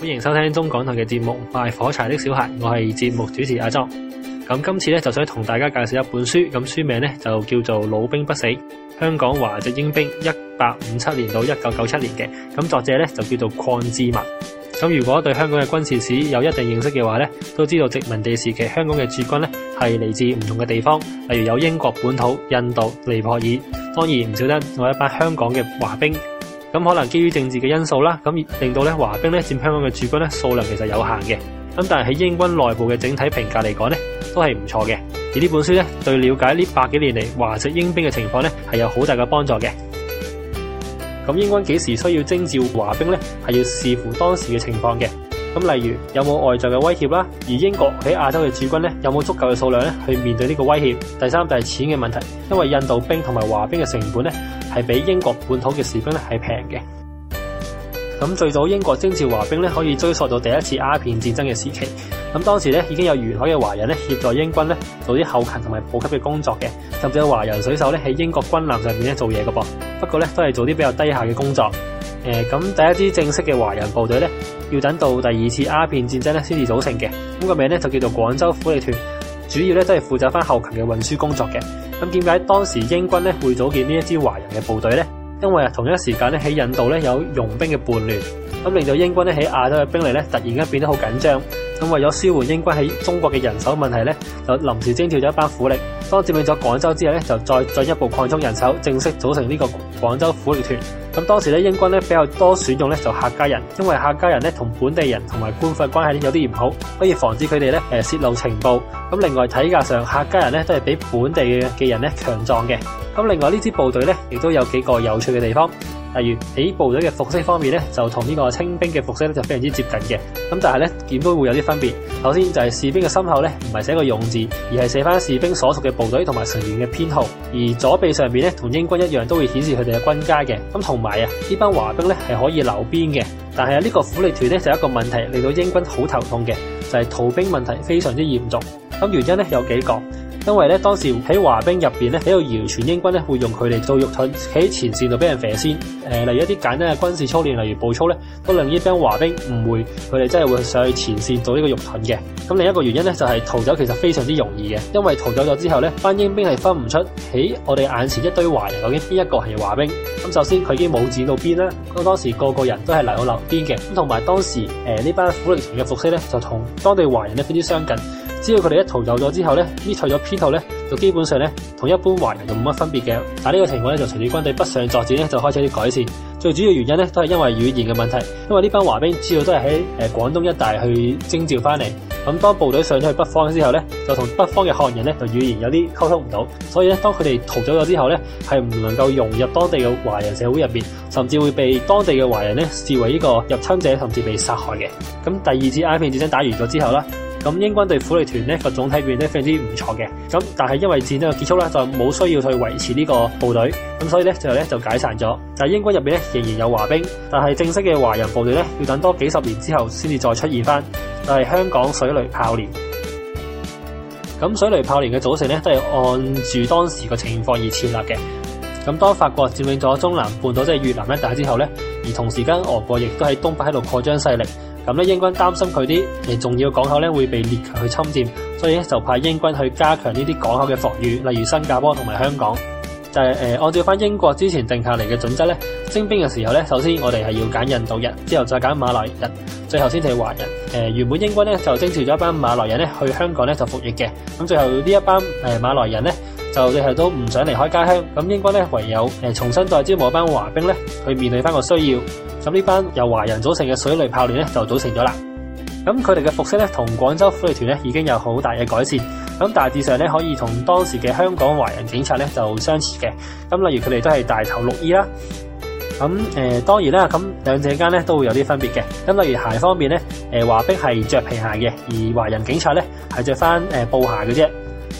歡迎收聽中港台嘅節目《賣火柴的小孩》，我係節目主持阿莊。咁今次咧就想同大家介紹一本書，咁書名咧就叫做《老兵不死》，香港華籍英兵一八五七年到一九九七年嘅。咁作者咧就叫做鄺智文。咁如果對香港嘅軍事史有一定認識嘅話咧，都知道殖民地時期香港嘅駐軍咧係嚟自唔同嘅地方，例如有英國本土、印度、尼泊爾，當然唔少得我一班香港嘅華兵。咁可能基於政治嘅因素啦，咁令到咧華兵咧佔香港嘅駐軍咧數量其實有限嘅。咁但係喺英軍內部嘅整體評價嚟講咧，都係唔錯嘅。而呢本書咧，對了解呢百幾年嚟華籍英兵嘅情況咧，係有好大嘅幫助嘅。咁英軍幾時需要徵召華兵咧，係要視乎當時嘅情況嘅。咁例如有冇外在嘅威脅啦，而英國喺亞洲嘅駐軍咧有冇足夠嘅數量咧去面對呢個威脅。第三就係錢嘅問題，因為印度兵同埋華兵嘅成本咧。係比英國本土嘅士兵咧係平嘅。咁最早英國徵召華兵咧可以追溯到第一次鴉片戰爭嘅時期，咁當時咧已經有沿海嘅華人咧協助英軍咧做啲後勤同埋補給嘅工作嘅，甚至有華人水手咧喺英國軍艦上面咧做嘢嘅噃，不過咧都係做啲比較低下嘅工作。誒，咁第一支正式嘅華人部隊咧要等到第二次鴉片戰爭咧先至組成嘅，咁個名咧就叫做廣州苦力團，主要咧都係負責翻後勤嘅運輸工作嘅。咁點解當時英軍咧會組建呢一支華人嘅部隊呢？因為啊同一時間咧喺印度咧有傭兵嘅叛亂，咁令到英軍咧喺亞洲嘅兵力咧突然間變得好緊張。咁為咗舒緩英軍喺中國嘅人手問題咧，就臨時徵調咗一班苦力。當佔領咗廣州之後咧，就再進一步擴充人手，正式組成呢個廣州苦力團。咁當時咧，英軍咧比較多選用咧就客家人，因為客家人咧同本地人同埋官府嘅關係有啲唔好，可以防止佢哋咧誒泄露情報。咁另外體格上，客家人咧都係比本地嘅人咧強壯嘅。咁另外呢支部隊咧，亦都有幾個有趣嘅地方。例如喺部隊嘅服飾方面咧，就同呢個清兵嘅服飾咧就非常之接近嘅，咁但係咧點都會有啲分別。首先就係士兵嘅身後咧唔係寫個勇字，而係寫翻士兵所屬嘅部隊同埋成員嘅編號。而左臂上面咧同英軍一樣都會顯示佢哋嘅軍階嘅。咁同埋啊，呢班華兵咧係可以留邊嘅，但係啊呢個苦力團咧就有一個問題令到英軍好頭痛嘅，就係、是、逃兵問題非常之嚴重。咁原因咧有幾個。因為咧當時喺華兵入邊咧喺度謠傳英軍咧會用佢哋做肉盾喺前線度俾人射先，誒、呃、例如一啲簡單嘅軍事操練，例如步操咧，都令呢班華兵誤會，佢哋真係會上去前線做呢個肉盾嘅。咁另一個原因咧就係逃走其實非常之容易嘅，因為逃走咗之後咧，班英兵係分唔出，咦，我哋眼前一堆華人究竟邊一個係華兵？咁首先佢已經冇指到邊啦，咁當時個個人都係嚟到樓邊嘅，咁同埋當時誒呢、呃、班苦力團嘅服飾咧就同當地華人咧非常相近。只要佢哋一逃走咗之後咧，呢除咗編號咧，就基本上咧同一般華人就冇乜分別嘅。但呢個情況咧，就隨住軍隊北上作戰咧，就開始有啲改善。最主要原因咧，都係因為語言嘅問題，因為呢班華兵主要都係喺誒廣東一帶去徵召翻嚟。咁當部隊上咗去北方之後咧，就同北方嘅漢人咧，就語言有啲溝通唔到。所以咧，當佢哋逃走咗之後咧，係唔能夠融入當地嘅華人社會入面，甚至會被當地嘅華人咧視為呢個入侵者，甚至被殺害嘅。咁第二次鴉片戰爭打完咗之後啦。咁英軍對苦力團呢個總體表現呢，非常之唔錯嘅。咁但係因為戰爭嘅結束咧，就冇需要去維持呢個部隊，咁所以咧，最後咧就解散咗。但係英軍入邊咧仍然有華兵，但係正式嘅華人部隊咧要等多幾十年之後先至再出現翻，但、就、係、是、香港水雷炮連。咁水雷炮連嘅組成咧都係按住當時嘅情況而設立嘅。咁當法國佔領咗中南半島即係越南一帶之後咧，而同時間俄國亦都喺東北喺度擴張勢力。咁咧，英軍擔心佢啲重要港口咧會被列強去侵佔，所以咧就派英軍去加強呢啲港口嘅防禦，例如新加坡同埋香港。就係、是呃、按照翻英國之前定下嚟嘅準則咧，徵兵嘅時候咧，首先我哋係要揀印度人，之後再揀馬來人，最後先至係華人、呃。原本英軍咧就徵召咗一班馬來人咧去香港咧就服役嘅，咁最後呢一班馬來人咧就最後都唔想離開家鄉，咁英軍咧唯有重新再招募一班華兵咧去面對翻個需要。咁呢班由華人組成嘅水雷炮連咧就組成咗啦。咁佢哋嘅服飾咧同廣州府隊團咧已經有好大嘅改善。咁大致上咧可以同當時嘅香港華人警察咧就相似嘅。咁例如佢哋都係大頭綠衣啦。咁誒當然啦，咁兩者間咧都會有啲分別嘅。咁例如鞋方面咧，誒華兵係著皮鞋嘅，而華人警察咧係著翻誒布鞋嘅啫。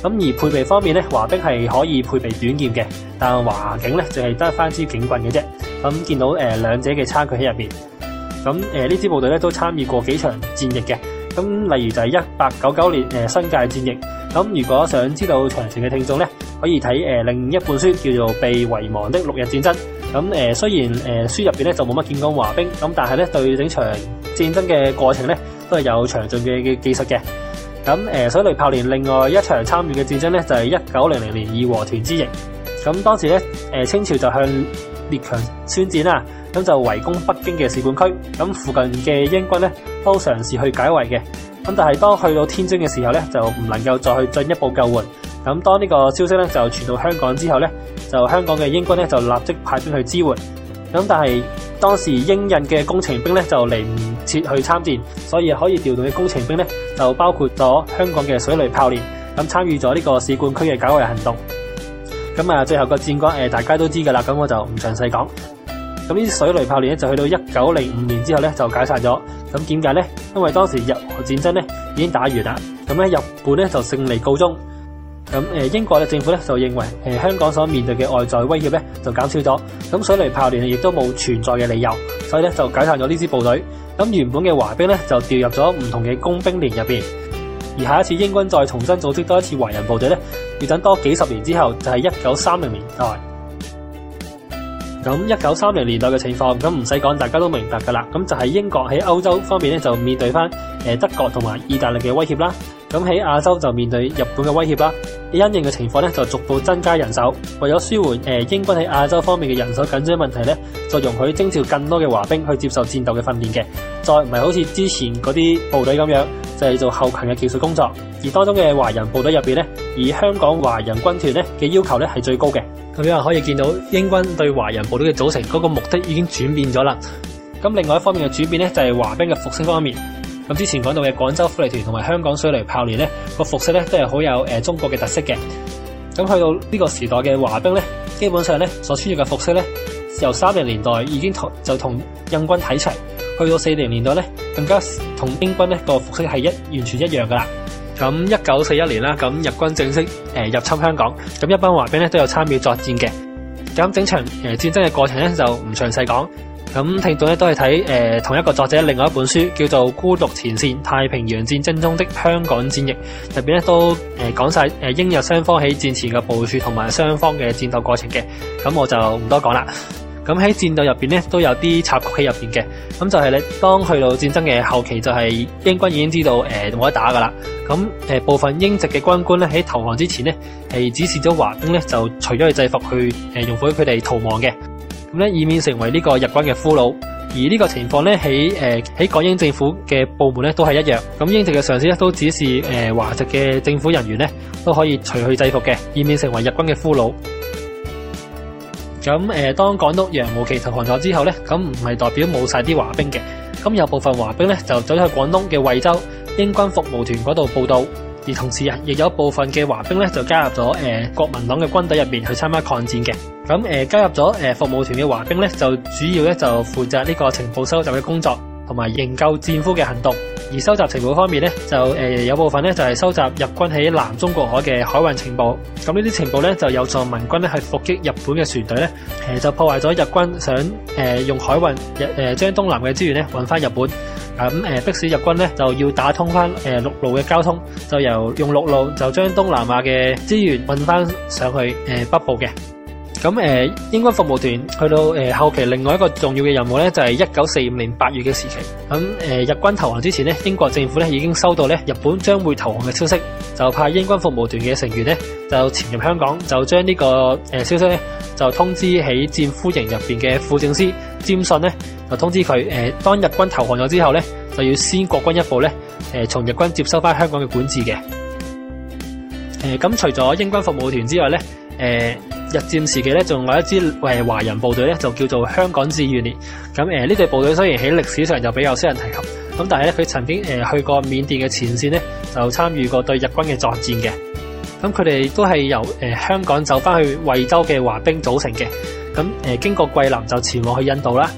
咁而配備方面咧，華兵係可以配備短劍嘅，但華警咧淨係得翻支警棍嘅啫。咁見到兩者嘅差距喺入面。咁呢支部隊咧都參與過幾場戰役嘅。咁例如就係一八九九年新界戰役。咁如果想知道詳情嘅聽眾咧，可以睇另一本書叫做《被遺忘的六日戰爭》。咁雖然書入面咧就冇乜見過華兵咁，但係咧對整場戰爭嘅過程咧都係有詳盡嘅嘅記述嘅。咁誒水雷炮連另外一場參與嘅戰爭咧就係一九零零年義和團之役。咁當時咧誒清朝就向列強宣戰啦，咁就圍攻北京嘅使館區，咁附近嘅英軍咧都嘗試去解圍嘅，咁但係當去到天津嘅時候咧，就唔能夠再去進一步救援，咁當呢個消息咧就傳到香港之後咧，就香港嘅英軍咧就立即派兵去支援，咁但係當時英印嘅工程兵咧就嚟唔切去參戰，所以可以調動嘅工程兵咧就包括咗香港嘅水雷炮連，咁參與咗呢個使館區嘅解圍行動。咁啊，最後個戰果誒，大家都知噶啦，咁我就唔詳細講。咁呢啲水雷炮連咧，就去到一九零五年之後咧，就解散咗。咁點解呢？因為當時日俄戰爭咧已經打完啦，咁咧日本咧就勝利告終。咁誒，英國嘅政府咧就認為誒，香港所面對嘅外在威脅咧就減少咗，咁水雷炮連亦都冇存在嘅理由，所以咧就解散咗呢支部隊。咁原本嘅華兵咧就調入咗唔同嘅工兵連入邊。而下一次英軍再重新組織多一次華人部隊咧。要等多幾十年之後，就係一九三零年代。咁一九三零年代嘅情況，咁唔使講，大家都明白噶啦。咁就係英國喺歐洲方面咧，就面對翻誒德國同埋意大利嘅威脅啦。咁喺亞洲就面對日本嘅威脅啦。因應嘅情況咧，就逐步增加人手，為咗舒緩誒英軍喺亞洲方面嘅人手緊張問題咧，就容許徵召更多嘅華兵去接受戰鬥嘅訓練嘅。再唔係好似之前嗰啲部隊咁樣。就係、是、做後勤嘅技術工作。而當中嘅華人部隊入邊咧，以香港華人軍團咧嘅要求咧係最高嘅。咁有人可以見到英軍對華人部隊嘅組成嗰個目的已經轉變咗啦。咁另外一方面嘅轉變咧就係華兵嘅服飾方面。咁之前講到嘅廣州福利團同埋香港水雷炮連咧個服飾咧都係好有誒中國嘅特色嘅。咁去到呢個時代嘅華兵咧，基本上咧所穿着嘅服飾咧由三零年代已經同就同印軍睇齊，去到四零年代咧。更加同英軍呢個服飾係一完全一樣噶啦。咁一九四一年啦，咁日軍正式誒、呃、入侵香港，咁一班華兵咧都有參與作戰嘅。咁整場誒、呃、戰爭嘅過程咧就唔詳細講。咁聽眾咧都係睇誒同一個作者另外一本書叫做《孤獨前線：太平洋戰爭中的香港戰役》入邊咧都誒、呃、講晒誒英日雙方喺戰前嘅部署同埋雙方嘅戰鬥過程嘅。咁我就唔多講啦。咁喺戰鬥入面咧都有啲插曲喺入面嘅，咁就係你當去到戰爭嘅後期，就係英軍已經知道、呃、冇得打噶啦，咁、呃、部分英籍嘅軍官咧喺投降之前咧係、呃、指示咗華軍咧就除咗去制服去、呃、容許佢哋逃亡嘅，咁咧以免成為呢個日軍嘅俘虜。而呢個情況咧喺喺港英政府嘅部門咧都係一樣，咁英籍嘅上司咧都指示、呃、華籍嘅政府人員咧都可以除去制服嘅，以免成為日軍嘅俘虜。咁誒，當港督楊慕琦投降咗之後咧，咁唔係代表冇曬啲華兵嘅，咁有部分華兵咧就走咗去廣東嘅惠州英軍服務團嗰度報到，而同時啊，亦有部分嘅華兵咧就加入咗誒國民黨嘅軍隊入面去參加抗戰嘅。咁誒加入咗誒服務團嘅華兵咧，就主要咧就負責呢個情報收集嘅工作，同埋營救戰俘嘅行動。而收集情報方面呢，就有部分呢，就係收集日軍喺南中國海嘅海運情報。咁呢啲情報呢，就有助民軍呢，去伏擊日本嘅船隊呢，就破壞咗日軍想用海運將東南嘅資源呢，運返日本咁，迫使日軍呢，就要打通返陸路嘅交通，就由用陸路就將東南亞嘅資源運返上去北部嘅。咁誒，英軍服務團去到誒後期，另外一個重要嘅任務咧，就係一九四五年八月嘅時期。咁誒，日軍投降之前咧，英國政府咧已經收到咧日本將會投降嘅消息，就派英軍服務團嘅成員咧就潛入香港，就將呢個誒消息咧就通知喺戰俘營入邊嘅副政司詹遜咧，就通知佢誒，當日軍投降咗之後咧，就要先國軍一步咧，誒，從日軍接收翻香港嘅管治嘅。誒，咁除咗英軍服務團之外咧，誒。日戰時期咧，仲有一支華人部隊咧，就叫做香港志願連。咁誒呢隊部隊雖然喺歷史上就比較少人提及，咁但係咧佢曾經去過緬甸嘅前線咧，就參與過對日軍嘅作戰嘅。咁佢哋都係由香港走翻去惠州嘅華兵組成嘅。咁經過桂林就前往去印度啦。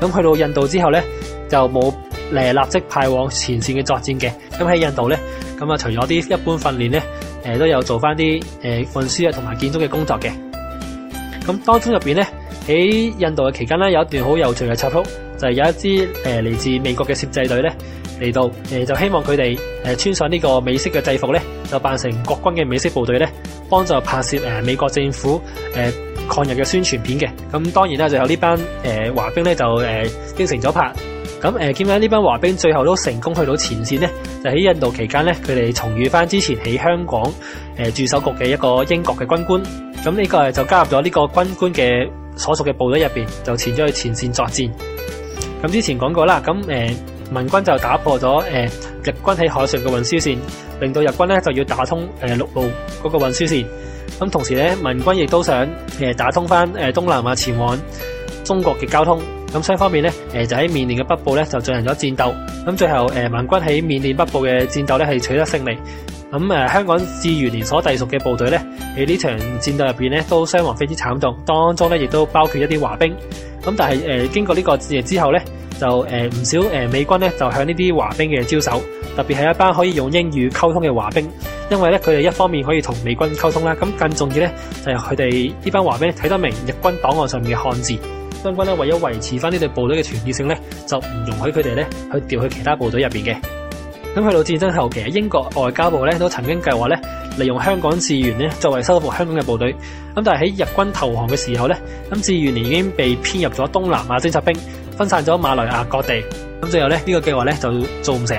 咁去到印度之後咧，就冇誒立即派往前線嘅作戰嘅。咁喺印度咧，咁啊除咗啲一般訓練咧，都有做翻啲誒運輸啊同埋建築嘅工作嘅。咁當中入邊咧，喺印度嘅期間咧，有一段好有趣嘅插曲，就係、是、有一支誒嚟、呃、自美國嘅攝製隊咧嚟到，誒、呃、就希望佢哋誒穿上呢個美式嘅制服咧，就扮成國軍嘅美式部隊咧，幫助拍攝誒美國政府誒、呃、抗日嘅宣傳片嘅。咁當然啦、呃，就有呢班誒華兵咧就誒應承咗拍。咁誒，點解呢班華兵最後都成功去到前線咧，就喺印度期間咧，佢哋重遇翻之前喺香港誒、呃、駐守局嘅一個英國嘅軍官。咁呢個就加入咗呢個軍官嘅所屬嘅部隊入邊，就前咗去前線作戰。咁之前講過啦，咁誒民軍就打破咗誒日軍喺海上嘅運輸線，令到日軍咧就要打通誒陸路嗰個運輸線。咁同時咧，民軍亦都想誒打通翻誒東南亞前往中國嘅交通。咁雙方面咧，誒就喺緬甸嘅北部咧就進行咗戰鬥。咁最後誒民軍喺緬甸北部嘅戰鬥咧係取得勝利。咁、嗯、誒、啊，香港志願連所隸屬嘅部隊咧，喺呢場戰鬥入邊咧，都傷亡非常慘重，當中咧亦都包括一啲華兵。咁、嗯、但係誒、呃，經過呢個戰役之後咧，就誒唔、呃、少誒、呃、美軍咧就向呢啲華兵嘅招手，特別係一班可以用英語溝通嘅華兵，因為咧佢哋一方面可以同美軍溝通啦，咁更重要咧就係佢哋呢班華兵睇得明日軍檔案上面嘅漢字。將軍咧為咗維持翻呢隊部隊嘅團結性咧，就唔容許佢哋咧去調去其他部隊入邊嘅。咁去到戰爭後期，其實英國外交部咧都曾經計劃咧，利用香港志願咧作為收復香港嘅部隊。咁但係喺日軍投降嘅時候咧，咁志願已經被編入咗東南亞偵察兵，分散咗馬來亞各地。咁最後咧呢個計劃咧就做唔成。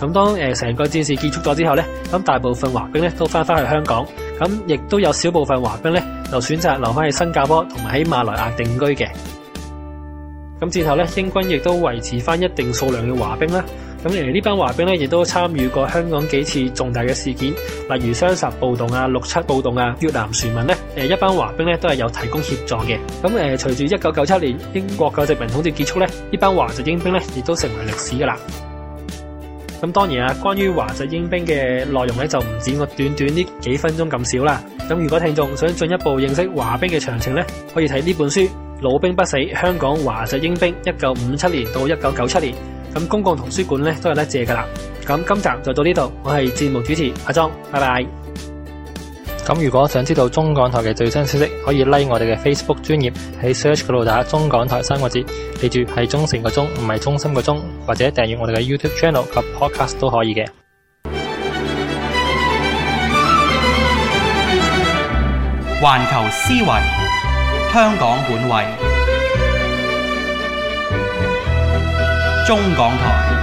咁當成個戰事結束咗之後咧，咁大部分華兵咧都翻返去香港。咁亦都有少部分華兵咧就選擇留返去新加坡同埋喺馬來亞定居嘅。咁之後咧，英軍亦都維持翻一定數量嘅華兵咁誒呢班華兵咧，亦都參與過香港幾次重大嘅事件，例如雙十暴動啊、六七暴動啊、越南船民咧，誒一班華兵咧都係有提供協助嘅。咁誒隨住一九九七年英國嘅殖民統治結束咧，呢班華籍英兵咧亦都成為歷史噶啦。咁當然啊，關於華籍英兵嘅內容咧，就唔止我短短呢幾分鐘咁少啦。咁如果聽眾想進一步認識華兵嘅詳情咧，可以睇呢本書《老兵不死：香港華籍英兵一九五七年到一九九七年》。咁公共圖書館咧都有得借噶啦。咁今集就到呢度，我係節目主持阿莊，拜拜。咁如果想知道中港台嘅最新消息，可以 like 我哋嘅 Facebook 專頁，喺 search 嗰度打中港台三個字，記住係忠誠個中，唔係中心個中，或者訂閱我哋嘅 YouTube channel 及 Podcast 都可以嘅。環球思維，香港本位。中港台。